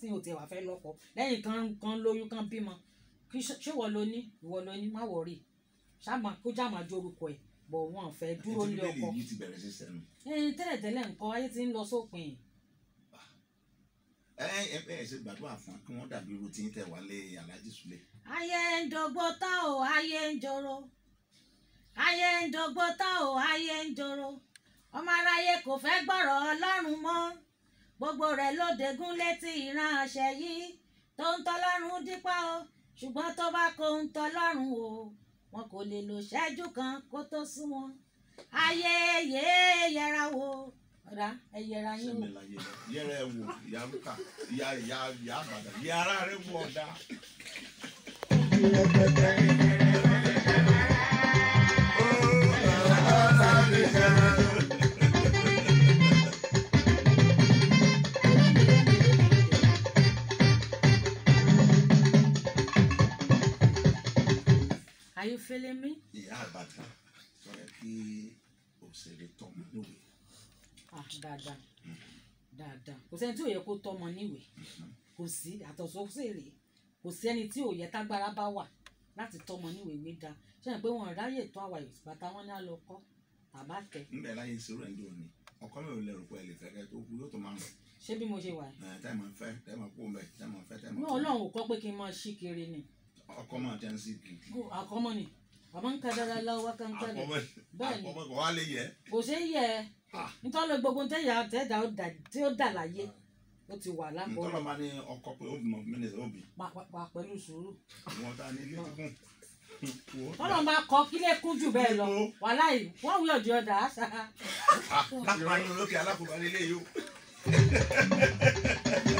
sí o tiẹ̀ wà fẹ́ lọ́kọ lẹ́yìn kan kan lóyún kan bímọ ṣé wọ́n lo ní ìwọ lo ní má wọ̀rí ṣáàmà kó jà máa jorúkọ ẹ̀ bọ̀ wọ́n fẹ́ dúró lé ọkọ. àti tẹ́lẹ̀ tẹ́lẹ̀ nǹkan ayé ti ń lọ sópin. Ah. ẹ ẹ ẹ ṣe gbàdúrà fún kí wọ́n dàbí irú tí ń tẹ̀ wálé aláàjì Súlẹ̀. ayé ń dọgbọ́n tá o ayé ń jọrọ ayé ń dọgbọ́n tá o ayé ń jọrọ ọmọ aráyé kò fẹ́ gbọ́rọ̀ Ọlọ́run mọ́ gbogbo rẹ̀ ló dégún létí ìránṣẹ́ yìí tó ń tọ́lọ́run dípá o ṣùgbọ́n tó bá kó ń tọ́lọ́run o wọn kò lè lò ṣẹ́jú kan kó tó sú wọn ayé yé yẹra wo ra ẹ yẹra yín o. yẹra ẹ wò ìyá rúkà ìyá ìyá ìyá àbàdàn ìyá ara rẹ wọ ọ̀dà. Are you feeling me? Ìyá Àbàdàn sọ̀rọ̀ kí òṣèré tọmọ níwèé. Ah dáadáa dáadáa kò sẹ́ni tí ò yẹ kó tọmọ níwèé kò sí àtọ̀sọ́sẹ̀rẹ̀ kò sí ẹni tí ò yẹ tágbára bá wà láti tọmọ níwèé wé dáa ṣé ẹ pé wọn ò ráyè tó àwa yìí bàtà wọn ní àlọ́ kọ́ bàbá tẹ. ń bẹ̀rẹ̀ ayé ìṣòro ẹ̀ ń dùn ni ọkọ mi ò lẹrù pé ẹ lè fẹ́ kẹ́ tó kú yóò tó máa rùn. ṣé bí mo ṣe wà. tẹ́ ẹ máa fẹ́ tẹ́ ẹ máa kú mẹ́ tẹ́ ẹ máa fẹ́ tẹ́ ẹ akọmọ àti àǹsí kì í. akọmọ ni àmọ ń ka dada la wa kan kalẹ bẹ́ẹ̀ni akọmọ kò wá lè yẹ. kò ṣe é yẹ ntọ́lọ gbogbo tẹ̀yà tẹ̀dá tí ó dà láyé ó ti wà lábọ̀. ntọ́lọ máa ní ọkọ pé obì mọ̀ o obì. wà pẹ̀lú sùúrù. wọn ta ni ilé kúkún tọ́lọ̀ máa kọ́ kílé kún jù bẹ́ẹ̀ lọ wàhálà yìí wọ́n wí ọ̀dì ọ̀dà àṣà. ìrànlọ́kẹ́ alákòóbá lélẹ́yìí o.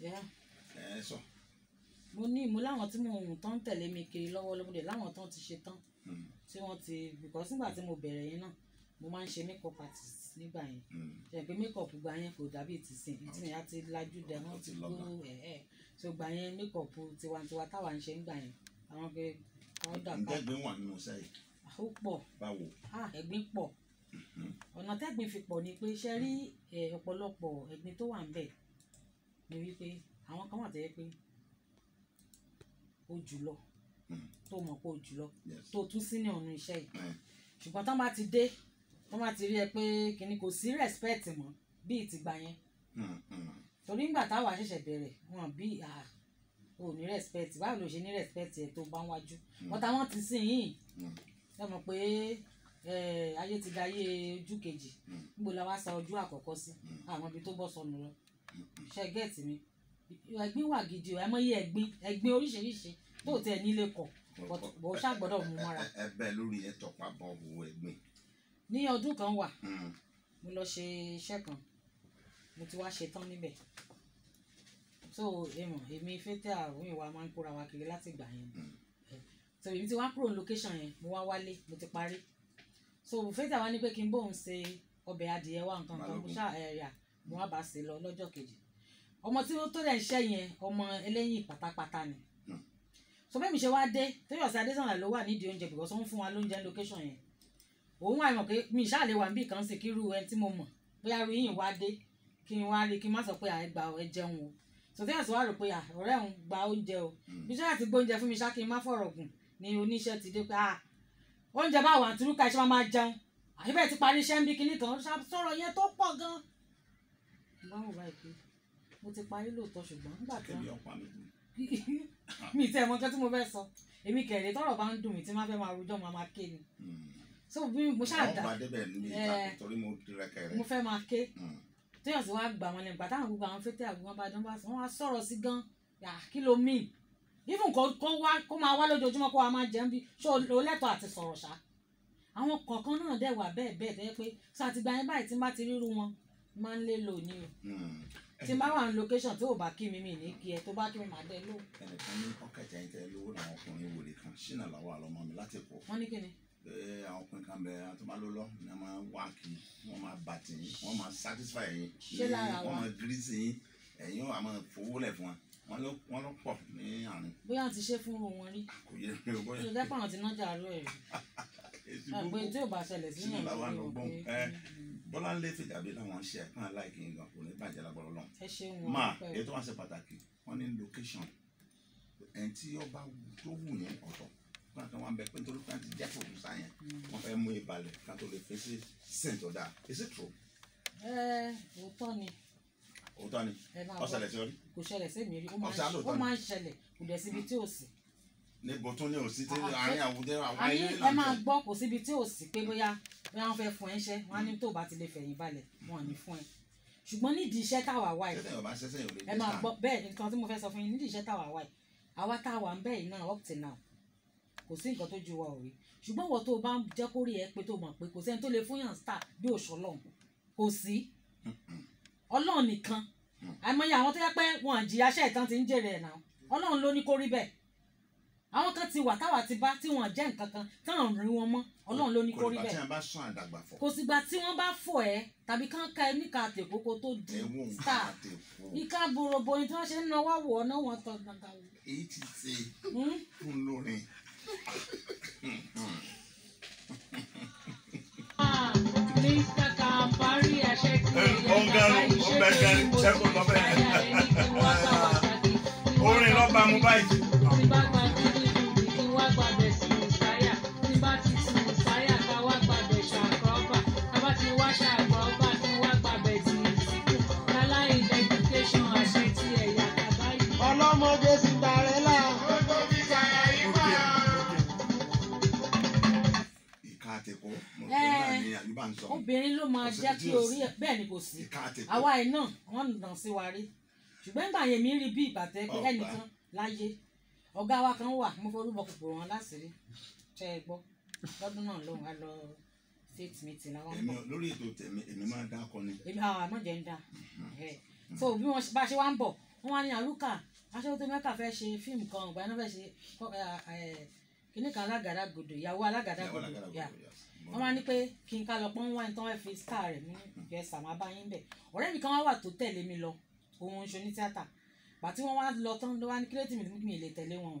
ẹ sọ. mo ní mo láwọn tí mo ń tán tẹ̀lé mi kiri lọ́wọ́ lọ́mọdé láwọn tán ti ṣe tán hmm. tí wọ́n ti because nígbà tí mo bẹ̀rẹ̀ yẹn náà mo máa ń ṣe makeup artist nígbà yẹn hmm. ṣe pé makeup gba yẹn kò dàbí ìtìsìn ìtìsìn yẹn á ti lajú dẹ wọn ti gbó ẹ ẹ so gba yẹn makeup tiwantiwa táwa ń ṣe ń gbà yẹn àwọn pé wọn dà ká. ǹjẹ́ wà nínú sẹ́yìn. ó pọ̀ báwo. ẹ̀gbin pọ̀ hmm. ọ̀nà tẹ́gbin fi pọ̀ ni pé ṣe rí ọ̀pọ̀lọpọ̀ ẹ̀gbin tó wà ń bẹ̀ ni wípé àwọn kan wà tẹ́yẹ pé o jùlọ hmm. tó mọ̀ pé o jùlọ tó tún sínú ọ̀nà iṣẹ́ yìí hmm. ṣùgbọ́n tán bá ti dé tán bá ti rí ẹ pé kìnnì kò sí respect mọ́ bíi tìgbà yẹn hmm, torí ńgbà táwa ṣẹ̀ṣẹ̀ bẹ̀rẹ̀ wọn bí o ní respect báwo ló ṣe ní respect ẹ tó bá ń wájú wọn táwọn ti sìn yìí ṣe mọ̀ pé ayé ti dayé ojú kejì níbo la wá sa ojú àkọ́kọ́ sí àwọn ibi tó bọ́ sọnù lọ ṣe gẹ́ẹ̀tì mi ẹ̀gbin wà gidi o àmọ́ yé ẹ̀gbin ẹ̀gbin oríṣiríṣi tó tẹ̀ nílé kọ̀ bó ṣàgbọ́dọ̀ mú mọ́ra. ẹ bẹ́ẹ̀ lórí ẹ̀tọ́ pàbọ̀ wo ẹ̀gbin. ní ọdún kan wà mm. mo lọ ṣe iṣẹ́ kan mo ti wá ṣetán níbẹ̀ so èmọ̀ èmi fẹ́tẹ́ àrùn ìwà máa ń kóra wa kiri láti ìgbà yẹn mm. so èmi ti wá kúrò ní location yẹn mo wá wálé mo ti parí so fẹ́tẹ́ àwa ní pé kí n bóun ṣe ọbẹ̀ adìyẹ wa nǹkan kan mo ṣáà ẹ̀yà. Eh, mo wá bá ṣe lọ lọ́jọ́ kejì ọmọ tí ó tó dẹ̀ ń ṣẹ́ yẹn ọmọ ẹlẹ́yìn pátápátá ni hmm. so bẹ́ẹ̀ mi ṣe wá dé Tóyọ̀sí Adésànlá ló wà nídìí oúnjẹ bìkọ́ sọ́n fún wa lóúnjẹ location yẹn òun àìmọ̀ pé mi ìṣáà lè wà níbì kan sí kírú ẹni tí mo mọ̀ bóyá rí yìn wá dé kí n wá rí kí n má sọ pé àì gba ẹ jẹun o so Tóyọ̀sí wá rò pé ọ̀rẹ́ òun gba oúnjẹ o hmm. bí sọ́yà ti gbóúnjẹ fún mi ṣá kí n má fọ̀rọ̀ gùn ni oníṣẹ́ ti dé pé ah oúnjẹ báwo àtúrúkà iṣẹ́ máa jẹun àyíbẹ̀ ti parí iṣẹ́ ń bí kinní kan sọ̀rọ̀ yẹn tó pọ̀ gan-an bá wò báyìí mo ti parí lóòótọ́ ṣùgbọ́n nígbà tí wọ́n mi tẹ́ ẹ mọ nǹkan tí mo fẹ́ sọ èmi kẹ̀lé tọ́rọ̀ bá ń dùn mí tí má fẹ́ máa rojọ́ máa máa ké ni hmm. so bí mo ṣáà eh. mo fẹ́ máa ké hmm. téèyàn sì wá gbà wọn lẹ́nu gbàtà àwọn gbogbo àwọn fẹ́tẹ́ àgùn wọn bá dán bá sọ wọn wá sọ̀rọ̀ sí gan yà kí ló mìn even kó wá kó máa wá lójoojúmọ́ kó wa máa jẹun bí ṣó o lẹ́tọ̀ọ́ àti sọ̀rọ̀ ṣá àwọn kọ̀ọ̀kan náà dẹ̀ wà bẹ́ẹ̀ bẹ́ẹ̀ tó pé sọ àtìgbà yẹn báyìí tí n bá ti ríru wọn máa ń lé lò ní o hmm. tí n bá wà ní location tí ò bá kí mi mi ní kí ẹ tó bá kí mi máa dẹ lò. ẹnìkan ní ọkà ìjà yín tẹ lówó làwọn ọkùnrin wòlé kan ṣínà làwọn àlọmọ mi láti pọ. wọn ní kíni. bẹ́ẹ̀ àwọn ọkùnrin kan bẹ àtọmọlọlọ ni wọn máa wá kí wọn máa bà tì yín wọn máa satisfy yín wọn máa gírísì yín ẹ̀yin wọn máa fowó lẹ fún wa wọn ló wọn ló pọ̀ ní àná. bóyá àti ṣé fún ro wọn rí. Ah, kò yẹ bóyá. ìjọba àwọn ti nájà rú rẹ̀ Bọ́láńlé Fìjàbí làwọn ṣe ẹ̀kan aláìkí ń gan kò ní bàjẹ́ lágbọ́rọ̀ lọ́n. mà èyí tó wá ṣe pàtàkì wọ́n ní location ẹni tí ọba tó wù yẹn ọ̀tọ̀ fún àtàwọn wọn bẹ pé nítorí pé àti jẹ́ fòkùn sáyẹn wọ́n fẹ́ mú ìbalẹ̀ ká tó lè fèsì sèǹtọ̀ dáa is it true. ẹ ẹ òótọ́ ni. òótọ́ ni ó ṣẹlẹ̀ sí ọ rí. kò ṣẹlẹ̀ sí mi rí ó máa ń ṣẹlẹ̀ kò dẹ̀ síbi tí ò sí níbo tún ah, ah, ní òsì tí àárín àwùjọ àwọn ilé ìlànà. ẹ máa gbọ́ kò síbi tí ò sí pé bóyá bóyá wọ́n fẹ́ fún ẹ ṣẹ́ wọ́n á ní tó bá ti lè fẹ̀yìn balẹ̀ wọ́n ní fún ẹ ṣùgbọ́n nídìí iṣẹ́ táwa wà yìí ẹ máa gbọ́ bẹ́ẹ̀ nǹkan tí mo fẹ́ sọ fún yín nídìí iṣẹ́ táwa wà yìí àwa táwa ń bẹ́ẹ̀ náà up till now kò sí nǹkan tó ju wa ò rí ṣùgbọ́n wọ́n tó o bá ń jẹ́ kó ẹ pé tó mọ̀ pé kò sẹ́ni tó lè fún yàn star bí òṣù ọlọ́run kò sí ọlọ́run nìkan hmm. àìmọye àwọn tó yẹ pé wọn àjìyà iṣẹ́ ìtàn ti ń jèrè ẹ̀ náà ọlọ́run ló ní kó bẹ́ẹ̀ àwọn kan ti wà táwa ti bá tí wọn jẹ́ nǹkan kan táwọn rí wọn mọ́ ọlọ́run ló ní kó rí bẹ́ẹ̀ kò sígbà tí wọ́n bá fọ̀ ẹ́ tàbí kán ka ẹ níka tó di star ìka bòròbò ni tí wọ́n ṣe ń náwó wọ̀ ọ́ náà wọ́n tán gbàgbà wò. èyí ti ṣe hmm? fún lórin. Orin lọ́ba mo báyìí. ọlọ́mọge obìnrin ló máa jẹ́ kí orí bẹ́ẹ̀ ni kò sí àwa ẹ̀ náà wọ́n ń dàn sí wa rí ṣùgbọ́n ìgbà yẹn mi rí bí ìbàtẹ́ pé ẹnìkan láyé ọ̀gá wa kan wà mo forúbọ kòkòrò wọn láṣìírí tẹ́ ẹ gbọ́ lọ́dún náà lòun á lọ faith meeting làwọn ń bọ̀. lórí ètò tèmi èmi máa ń dá akọni. èmi àwọn àmọ́ ń dá so bí wọ́n bá ṣe wá ń bọ̀ wọ́n wá ní àlùkà aṣọ́wó tó mẹ́ka fẹ́ ṣe fíìmù kan ọ̀gbà iná fẹ́ ṣe kíní kan alágàdá gòdò ìyàwó alágàdá gòdò yà wọ́n máa ní pé kí n ká lọ pọ́n wáyé tán wọ́n fi star rẹ̀ ní ìgbésà máa bá yín bẹ̀ ọ̀rẹ́ mi kan wá wà tó tẹ̀lé mi lọ òun ń ṣoní tíátà bàtí wọ́n wá lọ tán ló wá ní kílẹ̀tì mi mi lè tẹ̀lé wọn o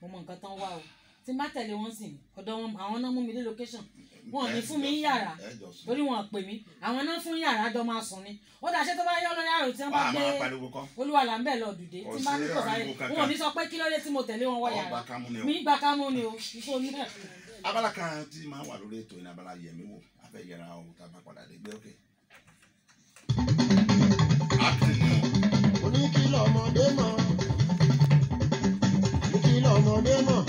mo mọ nǹkan tán wá o tí má tẹ̀lé wọn sìn ọ̀dọ̀ wọn àwọn náà mú mi dé location wọn ò ní fún mi ní yàrá torí wọn pè mí àwọn náà fún yàrá jọ máa sùn ni ó dàṣẹ tó bá yọ lọ yàrá tí wọn bá gbé olúwa là ń bẹ̀ lọ dùdé tí má ní kọ̀ sáré wọn ò ní sọ pé kí ló dé tí mo tẹ̀lé wọn wọ yàrá mi gbà ká mú ni o iṣẹ́ omi náà. abala kan tí máa wà lórí ètò ìnáwó abala yẹmi wò abẹ yẹra o tá a bá padà dé gbé òkè. oníkìlọ̀ ọmọdé mọ̀ oníkìlọ̀ ọmọdé mọ̀.